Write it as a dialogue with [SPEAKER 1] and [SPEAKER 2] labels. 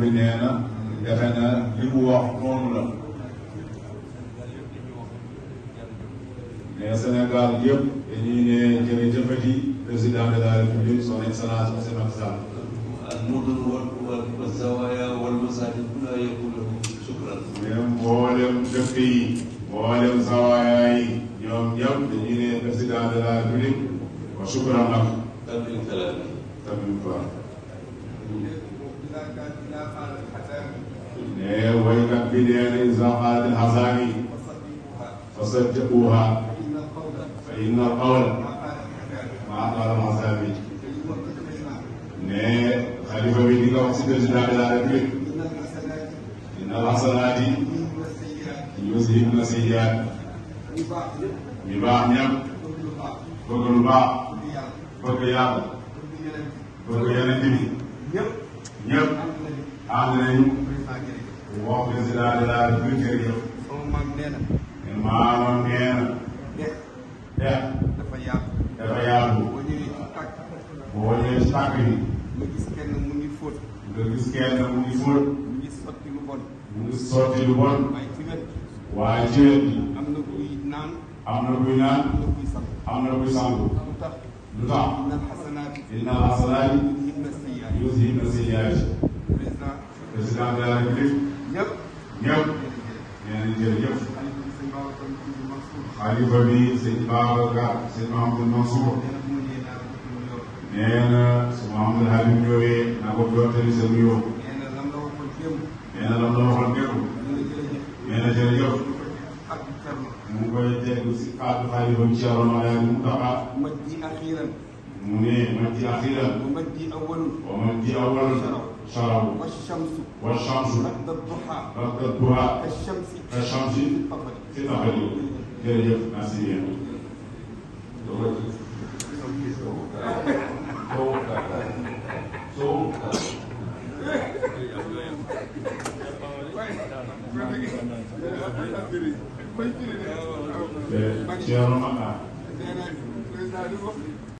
[SPEAKER 1] bi nee na defe na li mu wax noonu la mais Sénégal yëpp dañuy ne jërëjëfati président de la république son excellence monsieur Macky Sall almudun wal zawaya wal masajid la yakun lahu shukran même mboolem dëkk yi mboolem zawaya yi ñoom ñëpp dañuy ne président de la république wa shukran lak tamit kalaam tamit kalaam ne waykat bi nee na iza qaalat al-hasaani fasaddiquuhaa fa inna al-qawla maa qaala al-hasaani ne xalifa bi di nga wax si président de la république inna al-hasanaati yuzhibna sayyi'aat ñu baax ñam bëgg lu baax bëgg yàlla bëgg yeneen bi ñëpp ànd nañu wax président de la République jërëjëf. maamam nee na. dex. dafa yaatu. dafa yaatu. boo ñëwee ci tàkk bi. nga gis kenn mu ngi fóot. nga gis kenn mu ngi fóot. mu ngi sotti lu bon. mu ngi sotti lu bon. waaye ci wet. waaye ci wet bi. am na kuy naan. am na kuy naan. am na kuy sangu. am na kuy sangu. lu tax. aussi le CIAG président de la République ñëpp ñëpp nee nañ jërëjëf xalifa bi sëñ Babacar sëñ Mahamadou Mansour nee na su Mahamadou Habib ñëwee na ko jottali sa nuyoo nee na lam la waxoon démb nee na jërëjëf mu ngi koy déglu si kàddu xalifa bi Cheikh Oumar Moustapha mu ne majji axiran. wa majji awwalun. wa majji wa shamsu. wa shamsu. badda duha. badda duha. ka shamsi. ka shamsi. fi tafali. jërëjëf merci bien. Ceerno Makka.